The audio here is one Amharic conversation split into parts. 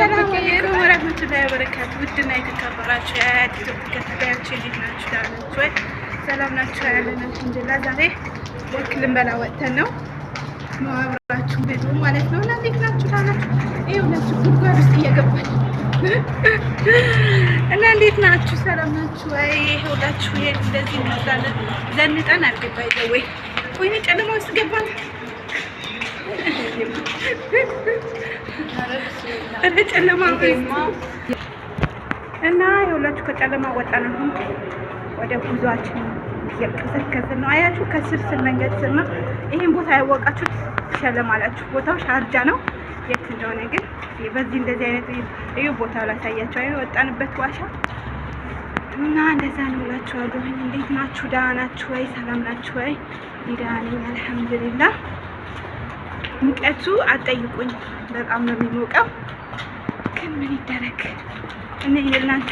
ወራህመቱላሂ ወበረካቱ ውድና የተከበራችሁ የአያት ተከታታዮች እንዴት ናችሁ? ደህና ናችሁ ወይ? ሰላም ናችሁ? ያለን አልሐምዱሊላህ። ዛሬ ወክ ልንበላ ወጥተን ነው ማብራችሁ ቤቱ ማለት ነው። እና እንዴት ናችሁ? ደህና ናችሁ? ይኸውላችሁ ጉድጓድ ውስጥ እየገባን እና እንዴት ናችሁ? ሰላም ናችሁ ወይ? ይኸውላችሁ ይሄን እንደዚህ እንወጣለን። ዘንጠን አልገባ ይዘው ወይ ወይኔ ጨለማ ውስጥ ገባን ጨለማ እና የሁላችሁ ከጨለማ ወጣን። አሁን ወደ ጉዟችን እየቀሰቀስን ነው። አያችሁ ከስር ስር መንገድ ስር ነው። ይህን ቦታ ያወቃችሁት ሸለም አላችሁ። ቦታው ሻርጃ ነው። የት እንደሆነ ግን በዚህ እንደዚህ አይነት እዩ ቦታው ላሳያችሁ። አይ ወጣንበት ዋሻ እና እንደዛ ነው እላችኋለሁ። እንዴት ናችሁ? ደህና ናችሁ ወይ? ሰላም ናችሁ ወይ? ደህና ነኝ አልሐምዱሊላህ። ሙቀቱ አጠይቁኝ፣ በጣም ነው የሚሞቀው። ግን ምን ይደረግ እኔ ለእናንተ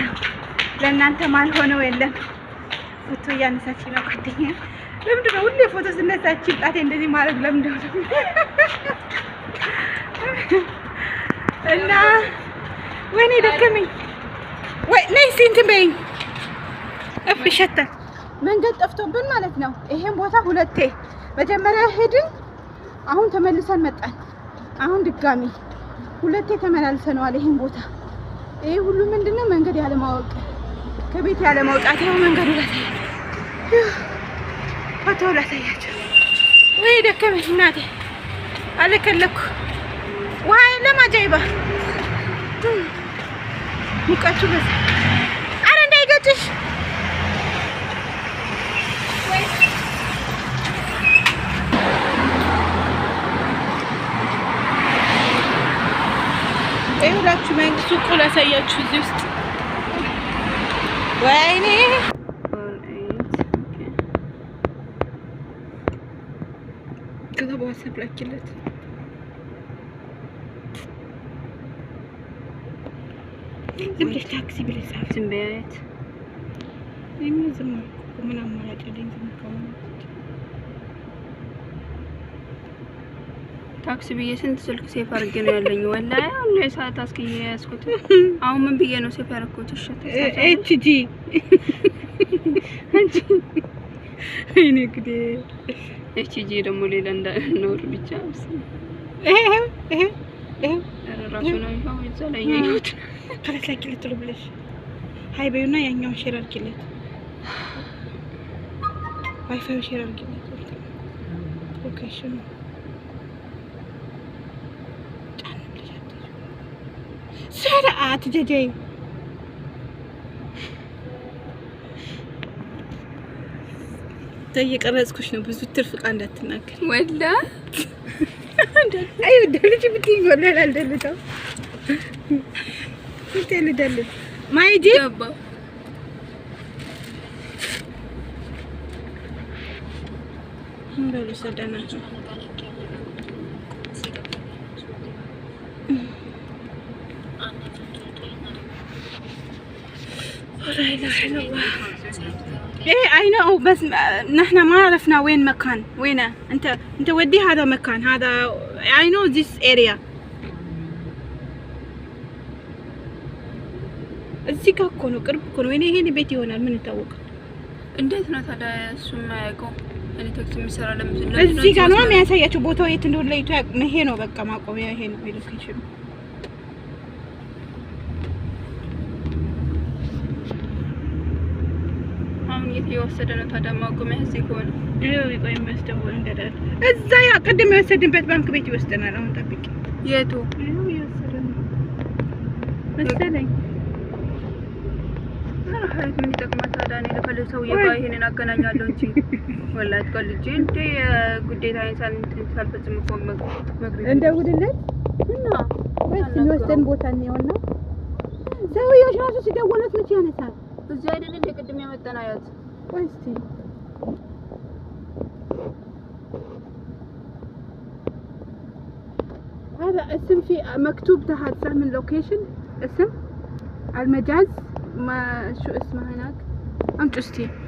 ለእናንተ ማልሆነው የለም። ፎቶ እያነሳች ነው ጓደኛ። ለምንድን ነው ሁሌ ፎቶ ስነሳች ጣቴ እንደዚህ ማለት ለምንድን ነው? እና ወይኔ ደከመኝ። ወይ ነይ እስኪ እንትን በይኝ። እፍ ይሸታል። መንገድ ጠፍቶብን ማለት ነው። ይሄን ቦታ ሁለቴ መጀመሪያ ሄድን አሁን ተመልሰን መጣን። አሁን ድጋሚ ሁለቴ ተመላልሰነዋል ይሄን ቦታ። ይሄ ሁሉ ምንድነው? መንገድ ያለማወቅ ከቤት ያለማውጣት። ያው መንገዱ ላሳያቸው፣ ቦታው ላሳያቸው። ወይ ደከመኝ እናቴ፣ አለከለኩ። ውሃ የለም አጃይባ ሙቀቱ በዛ ይኸውላችሁ መንግስት ሱቁ ላሳያችሁ። እዚህ ውስጥ ወይኔ ከዛ በዋትሳፕ ላኪለት። ዝም ብለሽ ታክሲ ብለሽ ጻፍ። ዝም በያት። ዝም ምን አማራጭ አለኝ? ዝም ከሆነ ታክሲ ብዬ ስንት ስልክ ሴፍ አድርጌ ነው ያለኝ። ወላሂ አሁን ላይ ሰዓት አስኪዬ ያዝኩት። አሁን ምን ብዬ ነው ሴፍ ያደረኩት? እሸት ኤች ጂ እኔ ግዴ ኤች ጂ ደግሞ ሌላ እንዳኖር ብቻ ራሱ ሀይ በይውና ያኛውን ሼር አድርጊለት፣ ዋይፋዩ ሼር አድርጊለት። ኦኬ እሺ ነው ስርዓት ጀጀይ እየቀረጽኩሽ ነው። ብዙ ትርፍ ቃ እንዳትናገር ወላ አይ ደልጅ ብት ይጎላል አልደልተው ልደል ማይዲ በሉ ሰደናቸው ايه اي نو بس نحن ما عرفنا وين مكان وينه انت انت ودي هذا مكان هذا اي نو ذيس اريا እዚህ ጋር እኮ ነው፣ ቅርብ እኮ ነው። እኔ ይሄን ቤት ይሆናል ምን ይታወቃል? እንዴት ነው ታዲያ እሱ የማያውቀው? እዚህ ጋር ነው የሚያሳያቸው ቦታው የት እንደሆነ ለይቶ ይሄ ነው በቃ ማቆሚያ ይሄ ነው ሎኬሽኑ እየወሰደ ነው። ታዳማ ጉሜ እዚህ ከሆነ እዛ ያ ቅድም የወሰድንበት ባንክ ቤት ይወስደናል። አሁን ጠብቂ። የቱ ይሄው እየወሰደ ነው መሰለኝ። ሀይት ምን ይጠቅማል ታዲያ? እኔ ለፈለግ ሰውዬ ጋር ይሄንን አገናኛለሁ እንጂ ወላሂ እንደ ሳልፈጽም እኮ እና ወይስ የሚወስደን ቦታ እንየውና ሰውዬው እራሱ ሲደወሉት መቼ ያነሳል? እዚህ አይደል እንደ ቅድም አያት Wednesday. هذا اسم في مكتوب تحت سهم اللوكيشن اسم المجاز ما شو اسمه هناك أم جستي